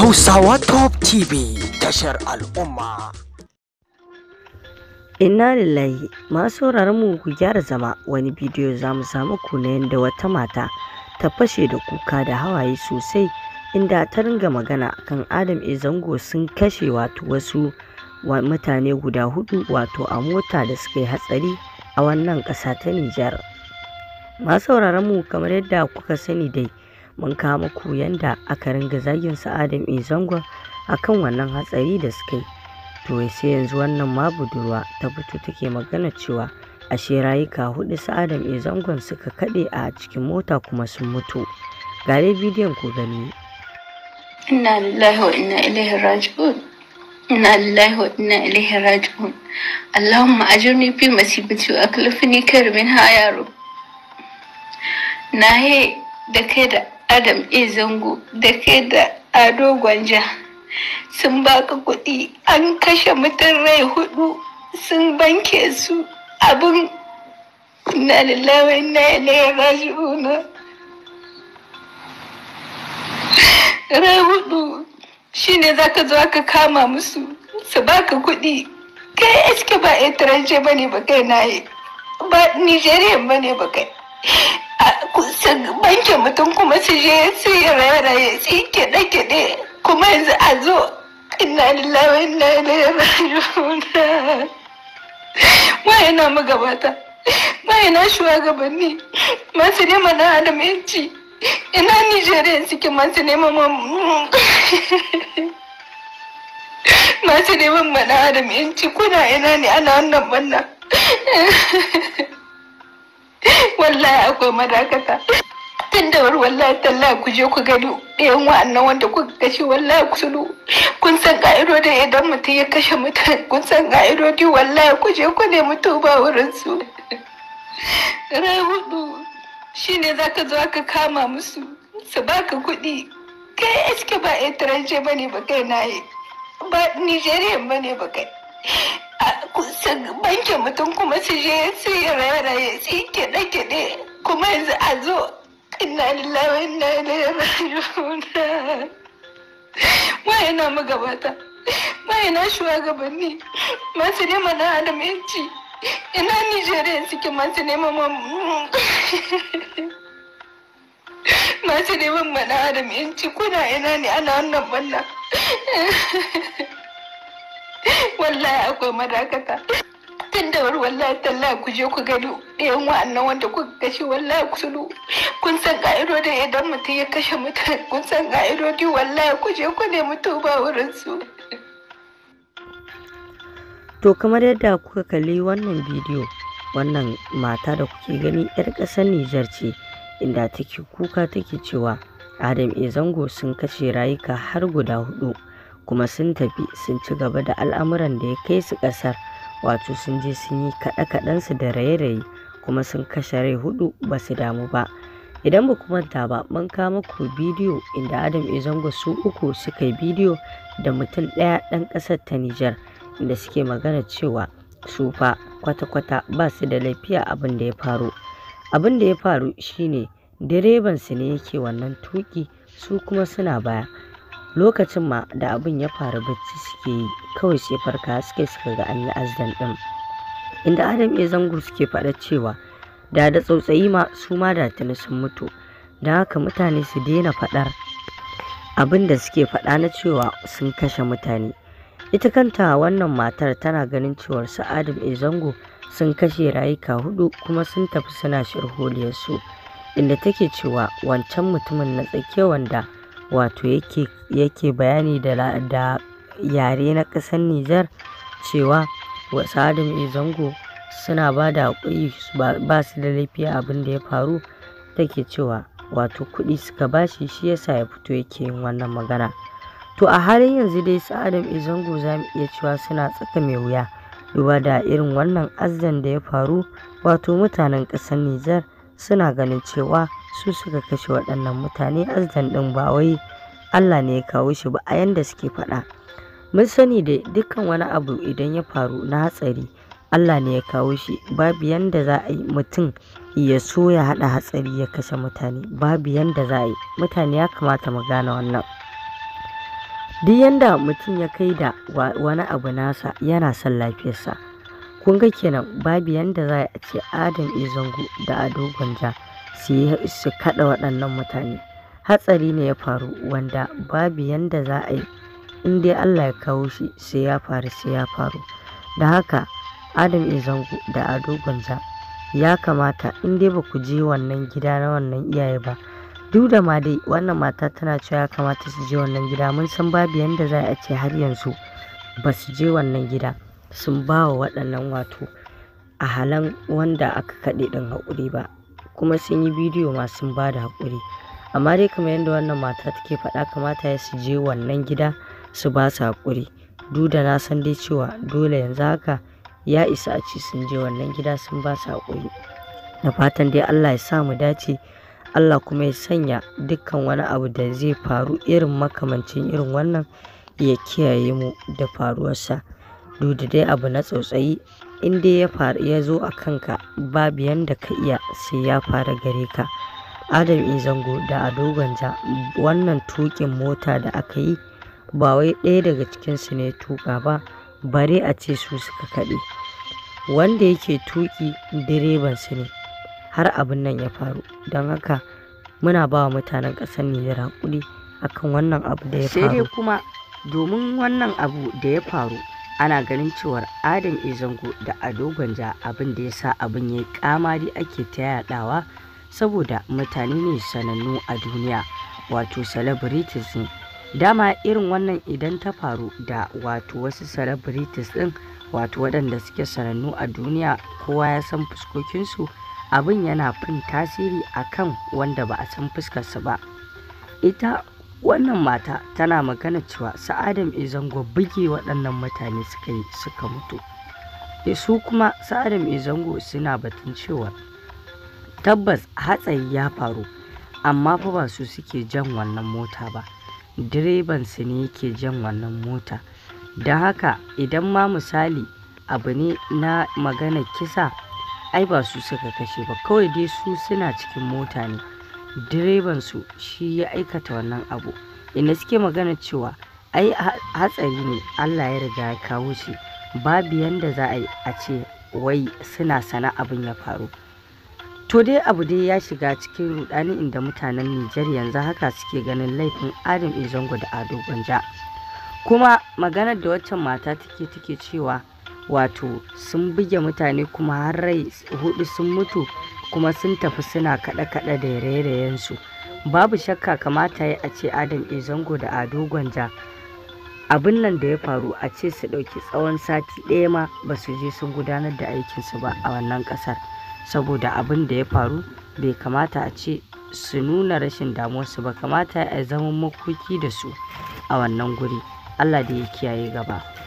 Hausawa Top TV tashar al'umma. Inna lillahi masu mu ku gyara zama wani bidiyo za mu samu ku na yadda wata mata ta fashe da kuka da hawaye sosai inda ta ringa magana kan Adam e zango sun kashe wato wasu mutane guda hudu wato a mota da suka yi hatsari a wannan ƙasa ta Nijar. Masu mu kamar yadda kuka sani dai mun kama muku yanda aka ringa zagin su Adam a kan wannan hatsari da suka yi to sai yanzu wannan ma budurwa ta fito take magana cewa ashe rayuka hudu su Adam Izangon suka kade a cikin mota kuma sun mutu ga dai bidiyon ku gani inna lillahi wa inna ilaihi raji'un inna lillahi wa inna ilaihi raji'un allahumma ajirni fi masibati wa aklifni khair minha ya rab nahe da kai da Adam E. Zango da ke da Ado Gwanja sun baka kuɗi an kashe mutum rai hudu sun banke su abin na lalawa na yanayin rajuna. Rai hudu shi ne za ka zo aka kama musu su baka kuɗi kai iske ba etirance ba ne ba kai na yi ba nijeriya ba ne ba kai banke mutum kuma su je su yi raye-raye su yi kiɗe-kiɗe kuma yanzu a zo ina lillahi ina ilaihi raji'un waye na magabata waye na shugabanni masu neman na adamanci ina nigeria suke masu neman masu neman mana adamanci kuna ina ne ana wannan wannan wallahi akwai madakata tun da wani wallahi talla ku je ku gani ɗayan wa'annan wanda kuka kashe wallahi ku sulu kun san da idan mutum ya kashe mutane kun san ka'idodi wallahi ku je ku nemi tuba wurin su rai hudu za ka zo aka kama musu su ka kuɗi kai eske ba etranje bane ba kai na yi ba ba ne ba kai mutum kuma su je su yi raye-raye su yi kiɗe-kiɗe kuma yanzu a zo ina lalawa ina ilaihi raji'un wayana magabata wayana shugabanni masu neman na adamanci ina nigeria suke masu neman masu neman mana adamanci kuna ina ne ana wannan wallah wallahi akwai madakata tun da wallahi tallahi ku je ku gani ɗayan wa'annan wanda ku kashe wallahi ku sulu kun san ka'idodi idan mutum ya kashe mutane kun san ka'idodi wallahi ku je ku nemi tuba wurin su. To kamar yadda kuka kalli wannan bidiyo wannan mata da kuke gani 'yar ƙasar Nijar ce inda take kuka take cewa Adam e zango sun kashe rayuka har guda hudu kuma sun tafi sun ci gaba da al'amuran da ya kai su ƙasar. wato sun je sun yi kaɗe su da raye-raye kuma sun kashe rai hudu ba su damu ba idan ba manta ba mun kama ku bidiyo inda adam izango su uku suka yi bidiyo da mutum ɗaya ɗan ƙasar ta nijar inda suke magana cewa su fa kwata-kwata ba su da lafiya abin da ya faru abin da ya faru shine direban su ne yake wannan tuki su kuma suna baya lokacin ma da abin ya faru bacci suke yi kawai sai farka suke suka ga an yi azdan din inda adam ya zango suke faɗa cewa da da tsautsayi ma su ma da tuni sun mutu da haka mutane su daina faɗar abin da suke faɗa na cewa sun kashe mutane ita kanta wannan matar tana ganin cewar su adam e zango sun kashe rayuka hudu kuma sun tafi suna shirholiyarsu inda take cewa wancan mutumin na tsakiya wanda wato yake bayani da, da yare na ƙasar Nijar cewa adam Mai Zango suna ba da haƙuri ba su da laifi abin da ya faru take cewa wato kuɗi suka bashi shi yasa ya fito yake yin wannan magana to a halin yanzu dai Sa'adu Mai Zango za mu iya cewa suna tsaka mai wuya duba da irin wannan azan da ya faru wato mutanen ƙasar Nijar suna ganin cewa su suka kashe waɗannan mutane azdan ɗin ba wai Allah ne ya kawo shi ba a yanda suke faɗa. Mun sani da dukkan wani abu idan ya faru na hatsari Allah ne ya kawo shi babu yanda za a yi mutum ya so ya haɗa hatsari ya kashe mutane babu yanda za a yi mutane ya kamata mu gane wannan. Duk yanda mutum ya kai da wani abu nasa yana son lafiyarsa. kun ga kenan babu yanda za a ce adam izangu da ado gwanja su kada waɗannan mutane hatsari ne ya faru wanda babu yanda za a yi in allah ya kawo shi sai ya faru sai ya faru da haka adam izangu da ado gwanja ya kamata in ba ku je wannan gida na wannan iyaye ba duk da ma dai wannan mata tana cewa ya kamata su je wannan gida mun san babu yanda za a ce har yanzu ba su je wannan gida sun ba wa waɗannan wato a halan wanda aka kaɗe ɗin haƙuri ba kuma sun yi bidiyo ma sun ba da haƙuri amma dai kamar yadda wannan mata take faɗa kamata ya su je wannan gida su ba su haƙuri duk da na san dai cewa dole yanzu haka ya isa a ci sun je wannan gida sun ba su haƙuri da fatan dai allah ya sa mu dace allah kuma ya sanya dukkan wani abu da zai faru irin makamancin irin wannan ya kiyaye mu da faruwarsa. dudu dai abu na tsautsayi in dai ya zo a kanka babu yanda ka iya sai ya fara gare ka adam zango da ado gwanja wannan tukin mota da aka yi ba wai ɗaya daga cikinsu ne tuka ba bare a ce su suka kaɗe wanda yake tuki su ne har abin nan ya faru don haka muna ba wa mutanen ƙasar Nijar haƙuri akan wannan abu da ya faru. Sai dai kuma domin wannan abu da ya faru ana ganin cewar adam izango da ado gwanja abin da ya sa abin ya yi kamari ake ta yadawa saboda mutane ne sanannu a duniya wato celebrities ne dama irin wannan idan ta faru da wato wasu celebrities din wato waɗanda suke sanannu a duniya kowa ya san fuskokinsu abin yana fin tasiri akan wanda ba a san fuskarsa ba ita wannan mata tana magana cewa sa'adam izango buge waɗannan mutane suka yi suka mutu e su kuma sa'adam izango suna batun cewa tabbas hatsari ya faru amma fa ba su suke jan wannan mota ba direban su ne yake jan wannan mota da haka idan ma misali abu ne na magana kisa ai ba su suka kashe ba kawai dai su suna cikin mota ne direban su shi ya aikata wannan abu inda suke magana cewa ai hatsari ne Allah ya riga ya kawo shi babu yadda za a yi a ce wai suna sana abin ya faru to dai abu dai ya shiga cikin rudani inda mutanen Nijar yanzu haka suke ganin laifin Adam izongo da Ado Gwanja kuma maganar da waccan mata take take cewa wato sun buge mutane kuma har rai hudu sun mutu kuma sun tafi suna kaɗe-kaɗe da raye-rayensu babu shakka kamata ya ce adam Izango da ado gwanja abin nan da ya faru a ce su ɗauki tsawon sati ɗaya ma ba su je sun gudanar da aikinsu ba a wannan ƙasar saboda abin da ya faru bai kamata a ce su nuna rashin damuwarsu ba kamata ya zama makoki da su a wannan guri allah da ya kiyaye gaba